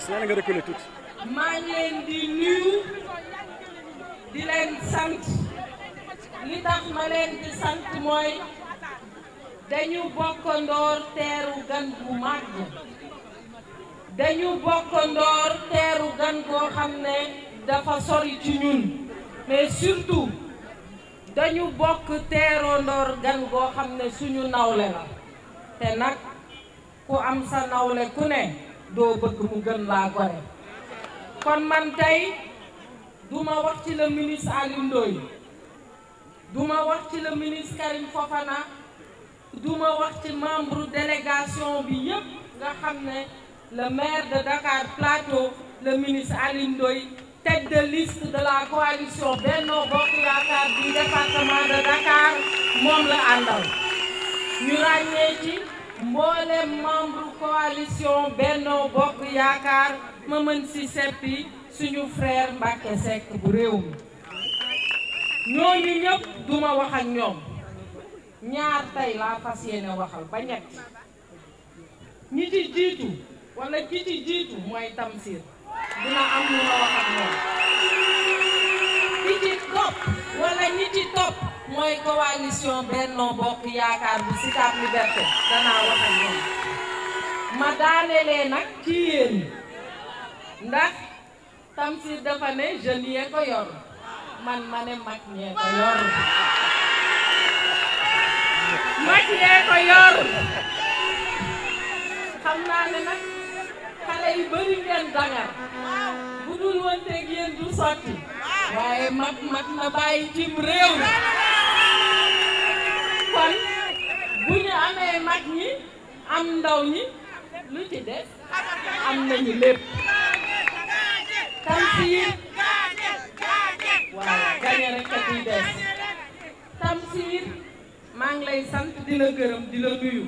ministre yàlla nga reculer tuuti. maa ngi leen di nuyu di leen sant li tax ma leen di sant mooy dañu bokkandoor teeru gan bu màgg dañu bokkandoor teeru gan goo xam ne dafa sori ci ñun mais surtout dañu bokk teeroo ndoor gan goo xam ne suñu nawle la te nag ku am sa nawle ku ne. doo bëgg mu gën laa gore kon man tey duma wax ci la ministre Alioune Ndoye duma wax ci le ministre Karim Fofana duma wax ci membre délégation bi yépp nga xam ne le maire de Dakar Plateau le ministre Alioune Ndoye tête de la coalition Benno Bokk Yaakaar du département de Dakar moom la àndal ñu ràññee ci mboolem membre coalition Benno Bokk Yaakaar ma mën si seppi suñu frère Mbacké Seck bu réew mi ñooñu ñëpp duma wax ak ñoom ñaar tey laa fas yéene waxal ba ñett ñi jiitu wala ki jiitu mooy Tamsir dina am lu wax mooy coalition Benno Bokk Yaakaar bu Sicap Liberté danaa wax ak ñoom ma daanelee nag ci yéen ndax Tamsir dafa ne jeunes yee ko yor man ma ne mag ñee ko yor mag ñee ko yor xam naa ne nag xale yu bëri ngeen dangar bu dul woon teg yéen du sotti waaye mag mag na bàyyi cim réew kon bu ñu amee mag ñi am ndaw ñi lu ci des am nañu lépp Tamsir waaw lay sant di la gërëm nuyu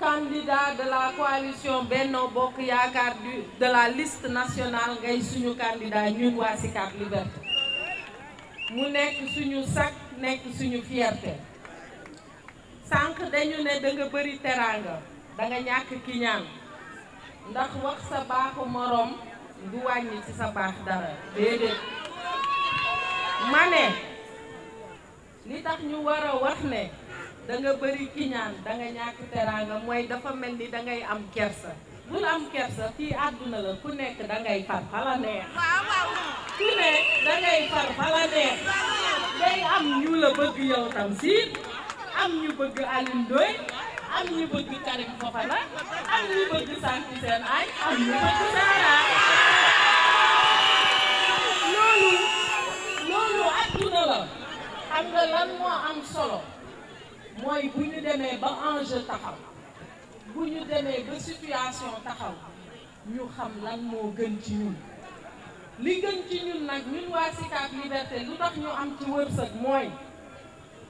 candidat de la coalition Benno Bokk Yaakaar du de la liste nationale ngay suñu candidat ñun waa Sicap Liberté mu nekk suñu sac nekk suñu fierté sànq dañu ne da bari teraanga danga nga ñàkk ki ndax wax sa baaxu moroom bu wàññi ci sa baax dara déedéet ma ne li tax ñu war a wax ne danga bari bëri kiñaan da nga ñàkk teraanga mooy dafa mel ni dangay am kersa bul am kersa fii àdduna la ku nekk da ngay far fa neex ku nekk da far fa neex day am ñu la bëgg yow Tamsir am ñu bëgg Alioune Ndoye am ñu bëgg Karim Fofana am ñu bëgg Santi Ay am ñu loolu loolu adduna la xam nga lan moo am solo mooy bu ñu demee ba enjeu taxaw bu ñu demee ba situation taxaw ñu xam lan moo gën ci ñun li gën ci ñun nag ñun waa Sicap Liberté lu tax ñu am ci wërsëg mooy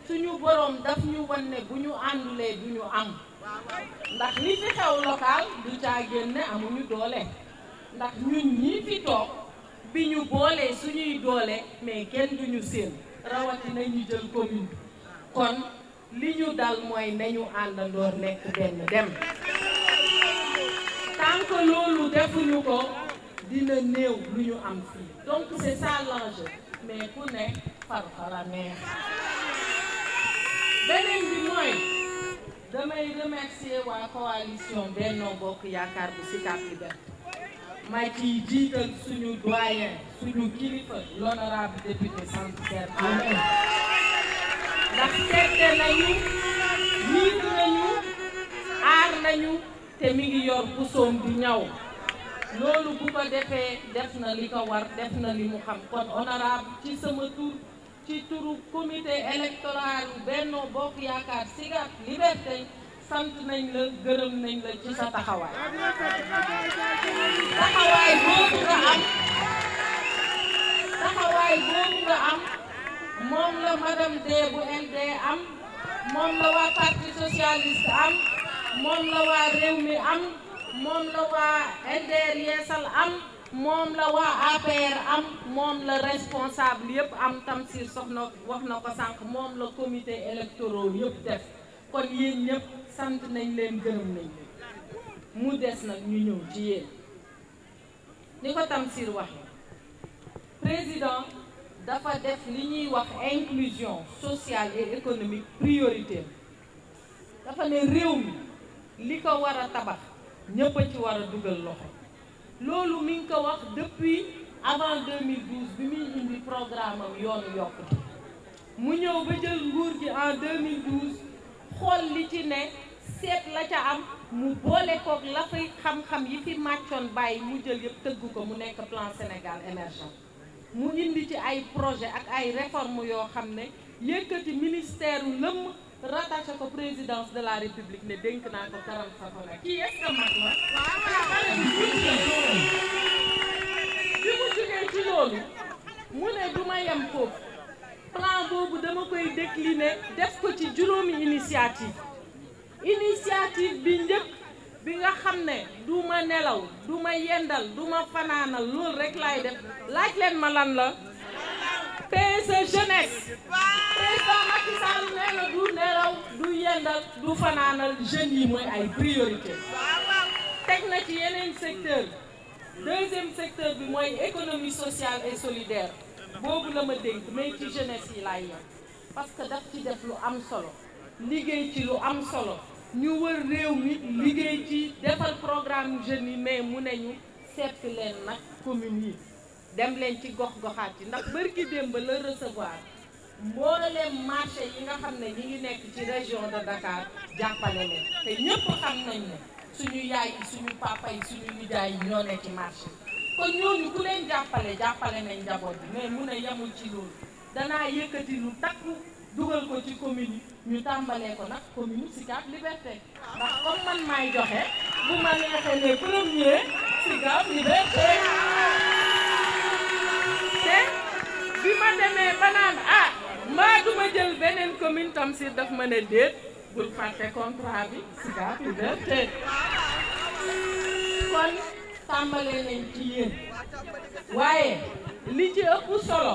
suñu boroom daf ñu wan bu ñu àndulee du ñu am ndax li fi xew local du caa génne amuñu doole ndax ñun ñii fi toog bi ñu boolee suñuy doole mais kenn duñu séen rawatina ñu jël commune kon li ñu dal mooy nañu àndandoor nekk benn dem tant que loolu defuñu ko dina néew lu ñu am fii donc c'est ça l'enjeu mais ku ne faru beneen bi mooy damay remercier waa coalition Benno Bokk Yaakaar bu Sicap Liberté ma ciy jiital suñu doyen suñu kilifa l'honorable député Sampou Ser Aly ndax seete nañu miir nañu aar nañu te mi yor pusoom di ñaw loolu bu ko defee def na li ko war def na li mu xam kon honorable ci sama tur ci turu comité électoral Benno Bokk Yaakaar Sicap Liberté sant nañ la gërëm nañ la ci sa taxawaay taxawaay boobu nga am taxawaay boobu nga am moom la madame D bu LD am moom la waa parti socialiste am moom la waa réew mi am moom la waa LDR Yeesal am moom la waa APR am moom la responsable yëpp am Tamsir Soxna wax na ko sànq moom la comité électoral yëpp def kon yéen ñëpp sant nañ leen gërëm nañ mu des nag ñu ñëw ci yéen ni ko Tamsir waxee président dafa def li ñuy wax inclusion sociale et économique priorité dafa ne réew mi li ko war a tabax ñëpp a ci war a dugal loxo loolu mi ngi ko wax depuis avant 2012 bi muy indi programme am yoonu yokkute mu ñëw ba jël nguur gi en xool li ci ne seet la ca am mu boole kook la fay xam-xam yi fi màccoon bàyyi mu jël yëpp tëgg ko mu nekk plan Sénégal émergent mu indi ci ay projet ak ay réforme yoo xam ne yëkkati ministère lëmm rattaché ko présidence de la république dénk naa ko Karam bi mu ci loolu mu ne du ma yem foofu plan boobu dama koy décliner def ko ci juróomi initiative initiative bi njëkk bi nga xam ne du ma nelaw du ma yendal du ma fanaanal loolu rek laay def laaj leen ma lan la payer sa jeunesse président Macky Sall nee na du nelaw du yendal du fanaanal jeunes yi mooy ay priorité teg na ci yeneen secteur deuxième secteur bi mooy économie sociale et solidaire boobu la ma dénk mais ci jeunesse yi laay yem parce que daf ci def lu am solo liggéey ci lu am solo ñu wër réew mi liggéey ci defal programme jeunes yi mais mu ne ñu sepp leen nag communes yi dem leen ci gox-goxaat yi ndax bërki démb la recevoir mboolem marché yi nga xam ne ñi ngi nekk ci région de Dakar jàppale leen te ñëpp xam nañ ne suñu yaay yi suñu papa yi suñu nijaay yi ñoo ne ci marché kon ñooñu ku leen jàppale jàppale nañ njaboot bi mais mun a yemul ci loolu danaa yëkkati lu takku dugal ko ci commune yi ñu tàmbalee ko nag commune Sicap Liberté ndax comme man maay joxe bu ma neexee ne premier Sicap Liberté dafa naan ah maa duma jël beneen commune Tamsir daf ma ne déet bul fàtte contrat bi Sicap Pureur Teel kon tàmbalee nañ ci yéen waaye li ci ëpp solo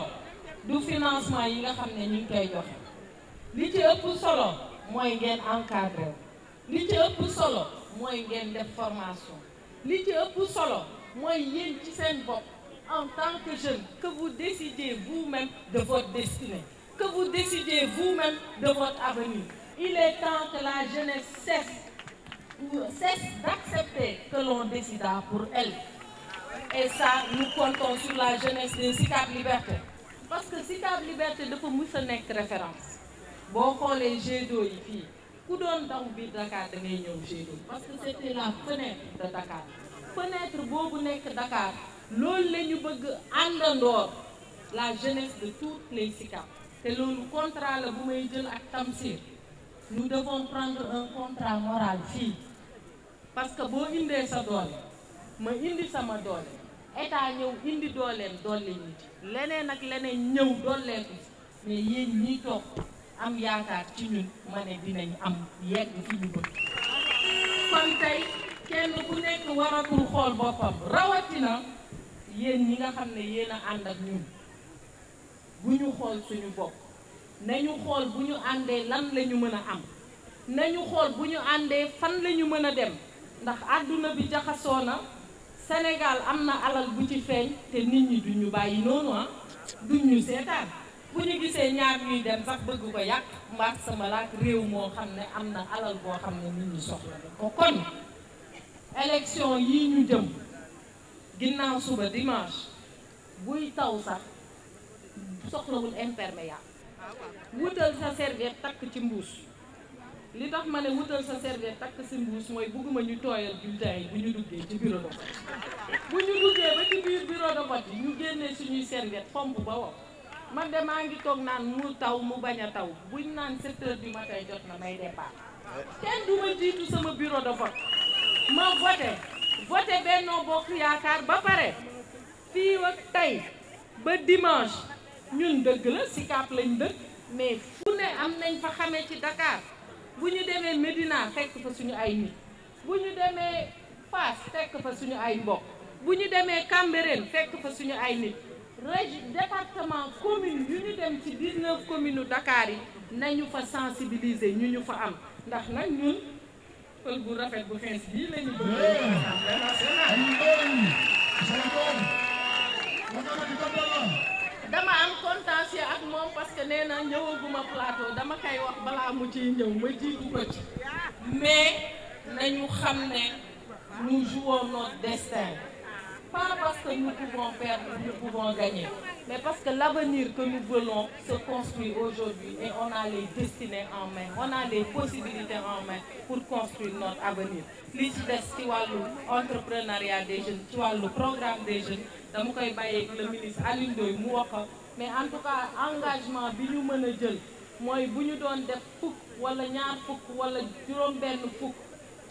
du financement yi nga xam ne ñu ngi koy joxe li ci ëpp solo mooy ngeen encadré li ci ëpp solo mooy ngeen def formation li ci ëpp solo mooy yéen ci seen bopp. en tant que jeune que vous décidez vous-même de votre destinée, que vous décidez vous Il est temps la jeunesse cesse, cesse d'accepter que l'on pour elle. Et ça, nous comptons sur la jeunesse de Sicap Liberté. Parce que Sicap Liberté dafa mus nekk référence boo xoolee jet d'eau yi fii ku doon daw biir Dakar da ñëw jet parce que c'était la fenêtre de Dakar fenêtre boobu nekk Dakar loolu la bëgg àndandoor la jeunesse de toutes les SICAP te loolu contrat la bu may jël ak Tamsir nous devons prendre un contrat moral fii parce que boo indee sa doole ma indi sama doole état ñëw indi dooleem doole nit leneen ak leneen ñëw dooleeku mais yéen ñiy toog am yaakaar ci ñun ma ne dinañ am yegg fi ñu bëgg kon tey kenn ku nekk waratul xool boppam rawatina. yéen ñi nga xam ne yéen ànd ak ñun bu ñu xool suñu bopp nañu xool bu ñu àndee lan la ñu mën a am nañu xool bu ñu àndee fan la ñu mën a dem ndax àdduna bi jaxasoo na Sénégal am na alal bu ci feeñ te nit ñi duñu bàyyi noonu ah duñ ñu seetaan bu ñu gisee ñaar ñuy dem sax bëgg ko yàq mbaat sama laak réew moo xam ne am na alal boo xam ne nit ñi soxla ko kon élection yii ñu jëm ginnaaw suba dimanche buy taw sax soxlawul imperméable wutal sa serviette takk ci mbuus li tax ma ne wutal sa serviette takk ci mbuus mooy bëgguma ñu tooyal bulletin yi bu ñu duggee ci bureau de ñu duggee ba ci biir bureau de vote ñu génnee suñuy serviette pomp ba wow man de maa ngi toog naan mu taw mu bañ a taw buñ naan 7 heures ma matin jot na may départ kenn du ma jiitu sama bureau de ma voté voté Benno Bokk Yaakaar ba pare fii ak tey ba dimanche ñun dëgg la Sicap lañ dëkk mais fu ne am nañ fa xamee ci dakaar bu ñu demee Médina fekk fa suñu ay nit bu ñu demee Fass fekk fa suñu ay mbokk bu ñu demee Cambérène fekk fa suñu ay nit région département commune yu ñu dem ci 19 commune dakaar yi nañu fa sensibiliser ñu ñu fa am ndax nag ñun pël bu rafet bu xees bii lañu bëgg jiitu ko ci mais nañu xam ne nous jouons notre destin pas parce que nous pouvons perdre nous pouvons gagner mais parce que l'avenir que nous voulons se construit aujourd'hui et on a les en main on a les en main pour construire notre avenir li ci des ci wàllu entrepreneuriat des jeunes ci wàllu programme des jeunes dama koy bàyyeeg le ministre Alioune mu wax mais en engagement bi ñu mën a jël mooy bu ñu doon def fukk wala ñaar fukk wala juróom-benn fukk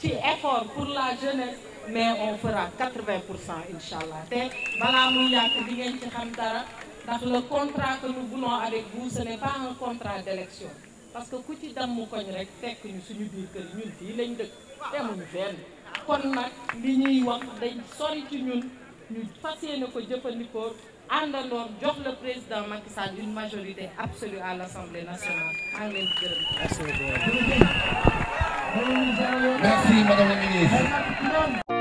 ci effort pour la jeunesse mais on quatre vingt pour cent incha allah te balaa muy yàq bi ngeen ci xam dara ndax le contrat que nous voulons avec vous ce n'est pas un contrat d'élection parce que ku ci damm koñ rek fekk ñu suñu biir kër ñun fii lañ dëkk demuñu benn kon nag li ñuy wax dañ sori ci ñun ñu fas yéene ko jëfandikoo. àndandoon jox le président Macky une majorité absolue à l'Assemblée nationale maa ngi leen di gërëm. merci madame la ministre.